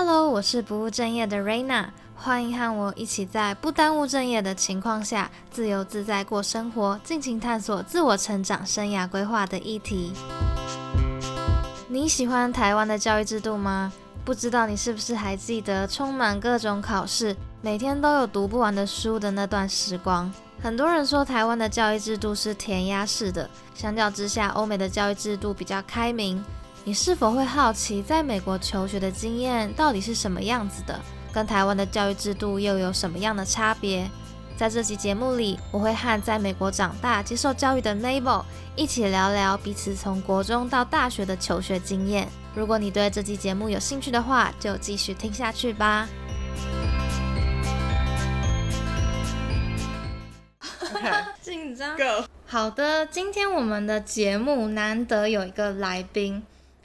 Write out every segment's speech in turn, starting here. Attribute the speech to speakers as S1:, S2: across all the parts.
S1: Hello，我是不務正業的 Raina。歡迎和我一起在不耽誤正業的情況下，自由自在過生活，盡情探索自我成長、生涯規劃的議題。你喜歡台灣的教育制度嗎？不知道你是不是還記得充滿各種考試，每天都有讀不完的書的那段時光？很多人說台灣的教育制度是填鴨式的，相較之下，歐美的教育制度比較開明。你是否會好奇，在美國求學的經驗到底是什麼樣子的？跟台灣的教育制度又有什麼樣的差別？在這期節目裡，我會和在美國長大、接受教育的 Mabel 一起聊聊彼此從國中到大學的求學經驗。如果你對這期節目有興趣的話，就繼續聽下去吧。緊、okay, 張，Go！ 好的，今天我們的節目難得有一個來賓。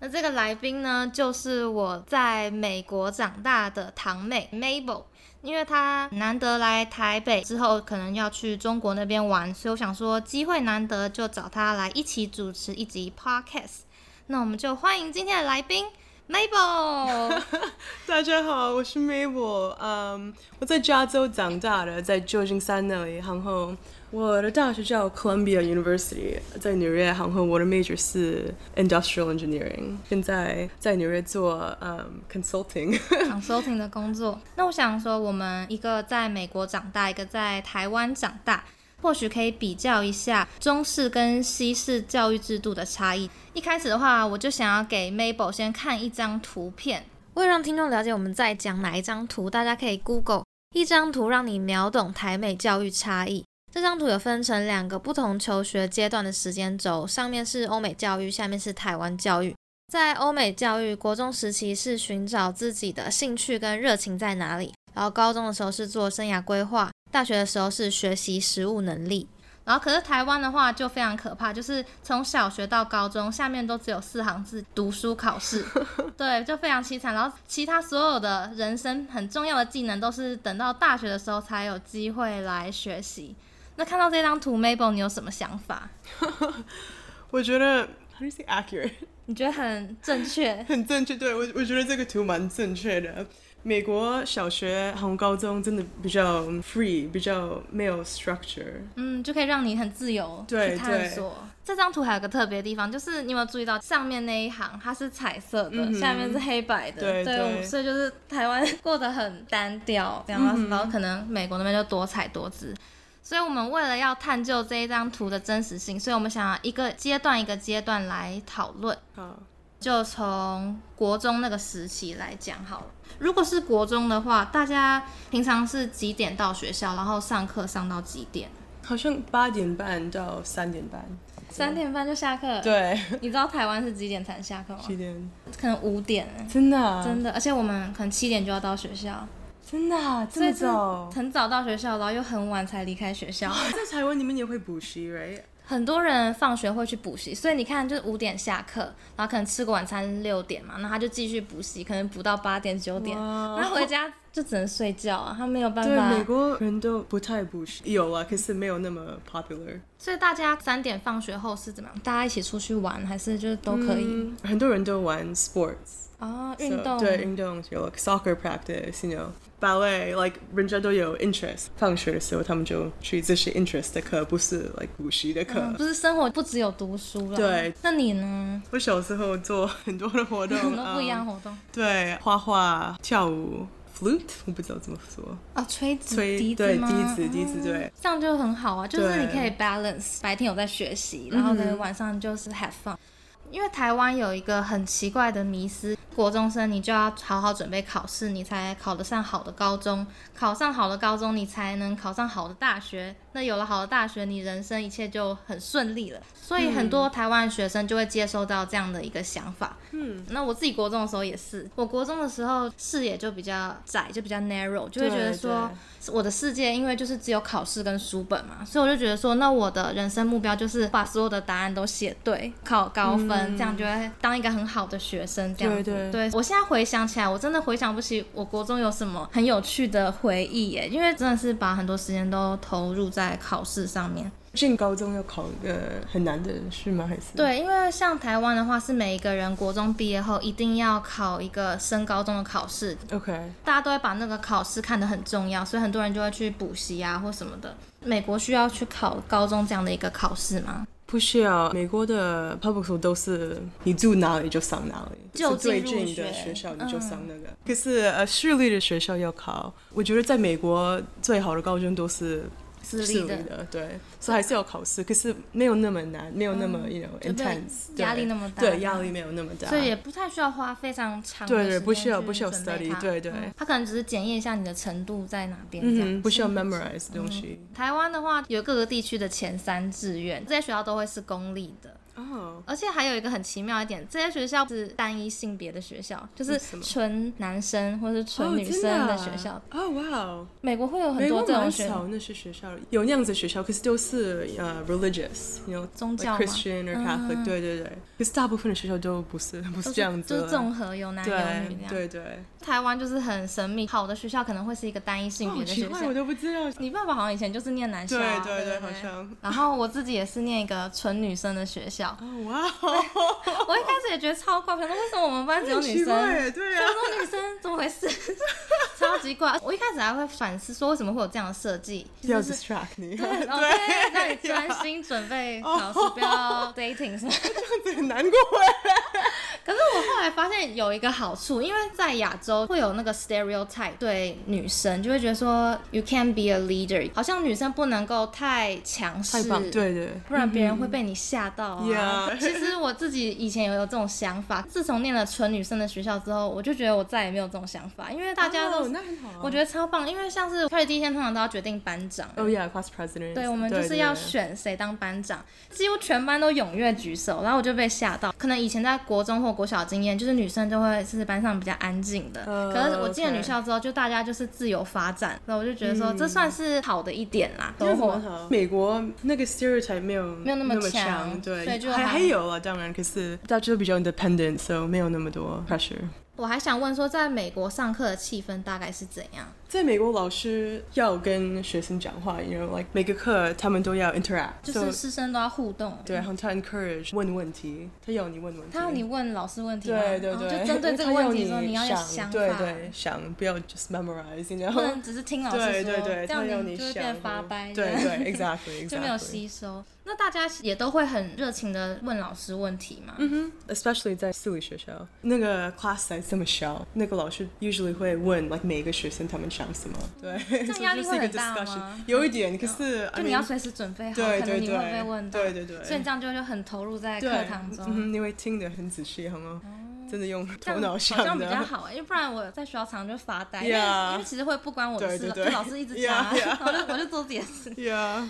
S1: 那這個來賓呢，就是我在美國長大的堂妹 Mabel，因為她難得來台北之後，可能要去中國那邊玩，所以我想說機會難得，就找她來一起主持一集 Podcast。那我們就歡迎今天的來賓 Mabel。 大家好，
S2: 我是 Mabel。嗯，um，我在加州長大的，在舊金山那裡，然後，我的大學叫 Columbia University，在紐約，航空。我的 major 是 Industrial Engineering，現在在紐約做嗯、um、consulting
S1: consulting 的工作。那我想說，我們一個在美國長大，一個在台灣長大，或許可以比較一下中式跟西式教育制度的差異。一開始的話，我就想要給 Mabel 先看一張圖片，為了讓聽眾了解我們在講哪一張圖，大家可以 Google 一張圖，讓你秒懂台美教育差異。這張圖有分成兩個不同求學階段的時間軸，上面是歐美教育，下面是台灣教育。在歐美教育，國中時期是尋找自己的興趣跟熱情在哪裡，然後高中的時候是做生涯規劃，大學的時候是學習實務能力。然後可是台灣的話就非常可怕，就是從小學到高中，下面都只有四行字讀書考試，對，就非常淒慘。然後其他所有的人生很重要的技能，都是等到大學的時候才有機會來學習。那看到這張圖 Mabel 你有什麼想法？
S2: 我覺得，How do you say accurate？
S1: 你覺得很正確，
S2: 很正確。對，我我覺得這個圖蠻正確的。美國小學和高中真的比較 free，比較沒有 structure。
S1: 嗯，就可以讓你很自由去探索。這張圖還有個特別的地方，就是你有沒有注意到上面那一行它是彩色的，嗯嗯，下面是黑白的？對，對對，所以就是台灣過得很單調，嗯嗯，然後可能美國那邊就多彩多姿。所以，我們為了要探究這一張圖的真實性，所以我們想要一個階段一個階段來討論。好，就從國中那個時期來講好了。如果是國中的話，大家平常是幾點到學校，然後上課上到幾點？好像八點半到三點半，三點半就下課。對， 你知道台灣是幾點才能下課嗎？七點？可能五點欸。真的啊？真的。而且我們可能七點就要到學校。真的啊？這麼早，很早到學校，然後又很晚才離開學校。
S2: 在台灣，你們也會補習，right?
S1: 很多人放學會去補習，所以你看，就是五點下課，然後可能吃過晚餐六點嘛，那他就繼續補習，可能補到八點九點，然後回家就只能睡覺啊，他沒有辦法。美國
S2: 人都不太補習。有啊，可是沒有那麼 popular。
S1: 所以大家三點放學後是怎麼樣？大家一起出去玩，還是就是都可以？嗯，
S2: 很多人都玩 sports 啊，哦，so, 運動。對，運動有 soccer practice，you know。八位，like 人家都有 interest。放學的時候，他們就去這些 interest 的課，不是 l i k 的課、嗯。不是
S1: 生活不只有讀書了。對。那你呢？
S2: 我小時候做很多的活動， um, 很多不一樣活動。對，畫畫、跳舞、flute，我不知道怎麼說
S1: 啊，吹吹笛子、笛子，子、笛子，對。這樣就很好啊，就是你可以 balance，白天有在學習，然後呢、嗯、晚上就是 have fun。因為台灣有一個很奇怪的迷思：國中生你就要好好準備考試，你才考得上好的高中；考上好的高中，你才能考上好的大學。那有了好的大學，你人生一切就很順利了。所以很多台灣學生就會接收到這樣的一個想法。嗯，那我自己國中的時候也是，我國中的時候視野就比較窄，就比較 narrow，就會覺得說，對對對，我的世界因為就是只有考試跟書本嘛，所以我就覺得說，那我的人生目標就是把所有的答案都寫對，考高分，嗯，這樣就會當一個很好的學生這樣子對，對，對，對。我現在回想起來，我真的回想不起我國中有什麼很有趣的回憶耶，因為真的是把很多時間都投入在。在考試上面，進高中要考一個很難的是嗎？還是？對，因為像台灣的話，是每一個人國中畢業後一定要考一個升高中的考試。OK，大家都會把那個考試看得很重要，所以很多人就會去補習啊或什麼的。美國需要去考高中這樣的一個考試嗎？不需要，美國的 public school 都是
S2: 你住哪裡就上哪裡，就最近的學校你就上那個。嗯、可是呃、私立的學校要考，我覺得在美國最好的高中都是。私立的，自立的對，對，所以還是要考試，可是沒有那麼難，沒有那麼、嗯、，you know，intense，壓力那麼大，對，壓力，力沒有那麼大，所以也
S1: 不太需要花非常長的時間去準備它。對對，對，不需要 study，它可能只是檢驗一下你的程度在哪邊、嗯，嗯，不需要 memorize 的東西。嗯、台灣的話，有各個地區的前三志願，這些學校都會是公立的。哦、oh.，而且還有一個很奇妙一點，這些學校是單一性別的學校，就是純男生或者是純女生的學校。哦、oh, 啊，哇哦，美國會有很多這種學校，那些學校有那樣子的學
S2: 校，可是都是呃、uh, religious，有 you know, 宗教、like、，Christian or Catholic，、嗯、對對對。可是大部分的學校都不是不是這樣子，就是綜、就是、合
S1: 有男有女那樣。對對，對，台灣就是很神秘，好的學校可能會是一個單一性別的學校、oh,。奇怪，我都不知道。你爸爸好像以前就是念男校、啊，對對對，好像。然後我自己也是念一個純女生的學校。哇、oh, wow.！我一開始也覺得超怪，可是為什麼我們班只有女生？對啊，女生怎麼回事？超級怪！我一開始還會反思，說為什麼會有這樣的設計？就是、要 distract 你，對，讓、okay, yeah. 你專心準備考試，不要 dating，是不是？這樣子很難過。可是我後來發現有一個好處，因為在亞洲會有那個 stereotype 對女生，就會覺得說 you can't be a leader，好像女生不能夠太強勢，對，對對，不然別人會被你嚇到啊嗯嗯。其實我自己以前也有這種想法， 自從念了純女生的學校之後，我就覺得我再也沒有這種想法，因為大家都、哦，那很好啊，我覺得超棒，因為像是開學第一天通常都要決定班長，哦 yeah class president，對我們就是要選誰當班長對對對，幾乎全班都踴躍舉手，然後我就被嚇到，可能以前在國中或。國小經驗就是女生就會是班上比較安靜的，uh, 可是我進了女校之後，okay. 就大家就是自由發展，那我就覺得說、嗯、這算是好的一點啦。美、嗯、國美
S2: 國那個 stereotype 沒，沒有那麼強，對，還就還有啊，當然，可是大家都比較 independent，so 沒有那麼多 pressure。
S1: 我還想問說，在美國上課的氣氛大概是怎樣？
S2: 在美國，老師要跟學生講話，因為 you know, like, 每個課他們都要 interact，就是師
S1: 生都要互動。So, 對，然後
S2: 他 encourage 問問題，他要你問問題，他
S1: 要你問老師問題，對對對，哦，就針對這個問題說要你，你要想，對，對對，
S2: 想，不要 just memorize, 然後不能只是聽老師說對對對，這樣你就會變得發呆，對對，對，對，對，對，exactly, exactly. 就沒有吸
S1: 收。那大家也都會很熱情的問老師問題嘛？嗯哼
S2: ，especially 在私立學校，那個 class size 這麼小，那個老師 usually 會問 like 每一個學生他們想什麼？
S1: 對，這樣壓力會很大嗎？ 有一
S2: 點，嗯、可是就 I mean, 你要
S1: 隨時準備好對對對，可能你會被問到。
S2: 對對對，所以你這樣
S1: 就就很投入在課堂中。嗯，你會聽
S2: 得很仔細，好、嗯、嗎？真的用頭腦想這樣比
S1: 較好，因為不然我在學校常常就發呆。 對，因為其實會不關我事，就是、老師一直講， 我就我就做自己的事。對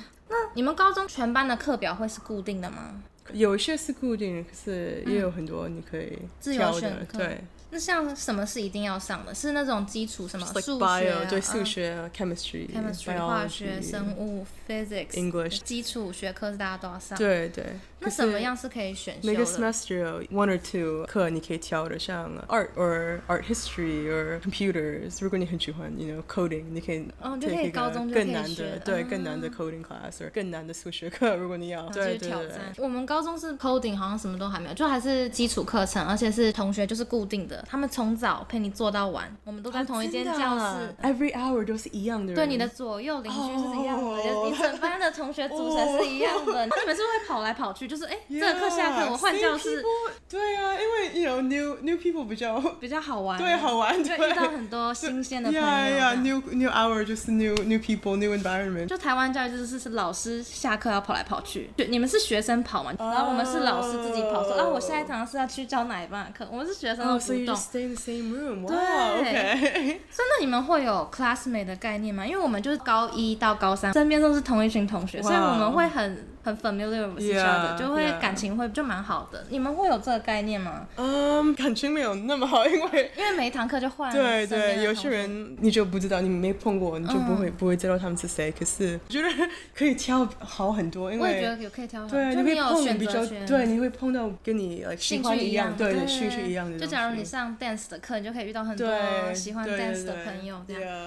S1: 你們高中全班的課表會是固定的嗎？
S2: 有一些是固定的，可是也有很多你可以的自由選課。對。
S1: 那像什麼是一定要上的？是那種基礎什麼數、like、學、啊、對數學、啊啊、chemistry, chemistry, 學、
S2: chemistry、biology 化學生
S1: 物、physics、English，基礎學科是大家都要上。對對。那什麼樣是可以選修的？每個
S2: semester 有 one or two 課你可以挑的，像 art or art history or computers。如果你很喜歡，you know coding，你可以哦，就可以，高中就可以學，更難的，可以對更難的 coding class 或、嗯、更難的數學課，如果你要、啊、對，挑戰對對
S1: 對。我們高中是 coding，好像什麼都還沒有，就還是基礎課程，而且是同學就是固定的。他們從早陪你坐到晚，我們都在同一間教室，every hour 都是一樣的，對你的左右鄰居是這樣子的、Oh. 的同學組成是一樣的，oh, oh. 你們是，是會跑來跑去？就是哎，欸、yeah, 這課下課我換教室。People, 對啊，因為 you know new new people 比較比較好玩， 對，好玩，就遇到很多新鮮的朋友。So, yeah, yeah,
S2: new new hour 就是 new new people new environment。就
S1: 台灣教育就是是老師下課要跑來跑去，對，你們是學生跑嘛？Oh. 然後我們是老師自己跑，說啊，我下一堂是要去教哪一班的課。我們是學生都不 m stay the same room. 對，OK, 真 的你們會有 classmate 的概念嗎？因為我們就是高一到高三身邊都是同一群。同學，wow. 所以我們會很很 familiar with each other，yeah, 就會感情會就蠻好的。Yeah. 你們會有這個概念嗎？嗯、um,，感情沒有那麼好，因為因為每一堂課就換。對，對對，有些人
S2: 你就不知道，你們沒碰過，你就不會、嗯、不會知道他們是誰。可是
S1: 我覺得可以挑
S2: 好很多，因為我也
S1: 覺得有可以挑。對，就你會有比較選對，你
S2: 會碰到跟你 like, 興趣一樣，對，興趣一樣，對、對、對、對興趣一樣的。就假如
S1: 你上 dance 的課，你就可以遇到很多對、對、對喜歡 dance 的朋友，對、對、對這樣。Yeah.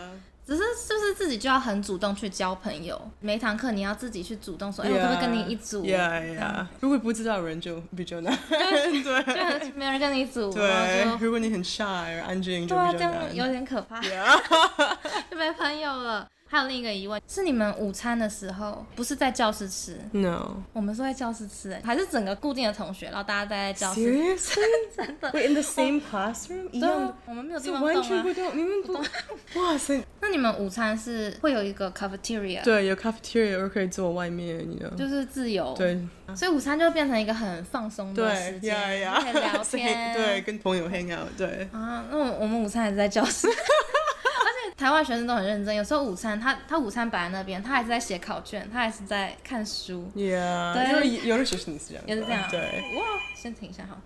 S1: 只是就是自己就要很主動去交朋友，每一堂課你要自己去主動說，哎、yeah, 欸，我可不可以跟你一組？呀，呀。
S2: 如果不知道人就比較
S1: 難 對，對，就沒有人跟你組。對，如
S2: 果你很 shy、安靜，對、啊，這樣有
S1: 點可怕，就、yeah. 沒朋友了。還有另一個疑問是你們午餐的時候不是在教室吃？No，我們是在教室吃，哎，還是整個固定的同學，然後大家待在教室？ 真的 Wait, in the same classroom？一樣、啊、我們沒有地方躲嗎、啊？哇塞！ 那你們午餐是會有一個 cafeteria？對，有 cafeteria 可以坐
S2: 外面，你 you know? 就
S1: 是自由。對，所以午餐就會變成一個很放鬆的時間，yeah, yeah. 可以聊天 對，對，
S2: 跟朋友 hang out，對。啊，
S1: 那我們，我們午餐還是在教室。 台灣學生都很認真，有時候午餐他他午餐擺在那邊，他還是在寫考卷，他還是在看書。y、yeah, 對，因為有些學生也是這樣的。也是這樣，對。哇，先停一下哈。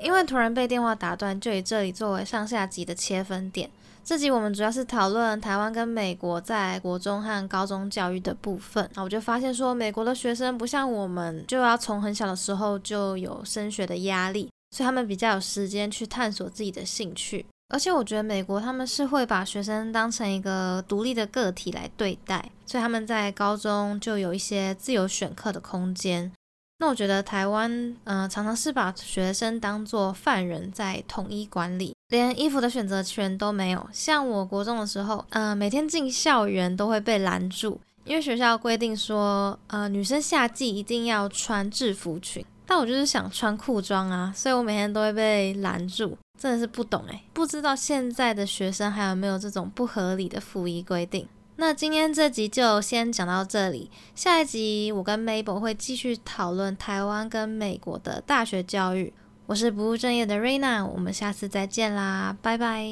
S1: 因為突然被電話打斷，就以這裡作為上下集的切分點。這集我們主要是討論台灣跟美國在國中和高中教育的部分。那我就發現說，美國的學生不像我們，就要從很小的時候就有升學的壓力。所以他們比較有時間去探索自己的興趣，而且我覺得美國他們是會把學生當成一個獨立的個體來對待，所以他們在高中就有一些自由選課的空間。那我覺得台灣，嗯、呃，常常是把學生當作犯人在統一管理，連衣服的選擇權都沒有。像我國中的時候，嗯、呃，每天進校園都會被攔住，因為學校規定說，呃，女生夏季一定要穿制服裙。但我就是想穿褲裝啊，所以我每天都會被攔住，真的是不懂誒、欸、不知道現在的學生還有沒有這種不合理的服儀規定。那今天這集就先講到這裡，下一集我跟 Mabel 會繼續討論台灣跟美國的大學教育。我是不務正業的瑞娜，我們下次再見啦，拜拜。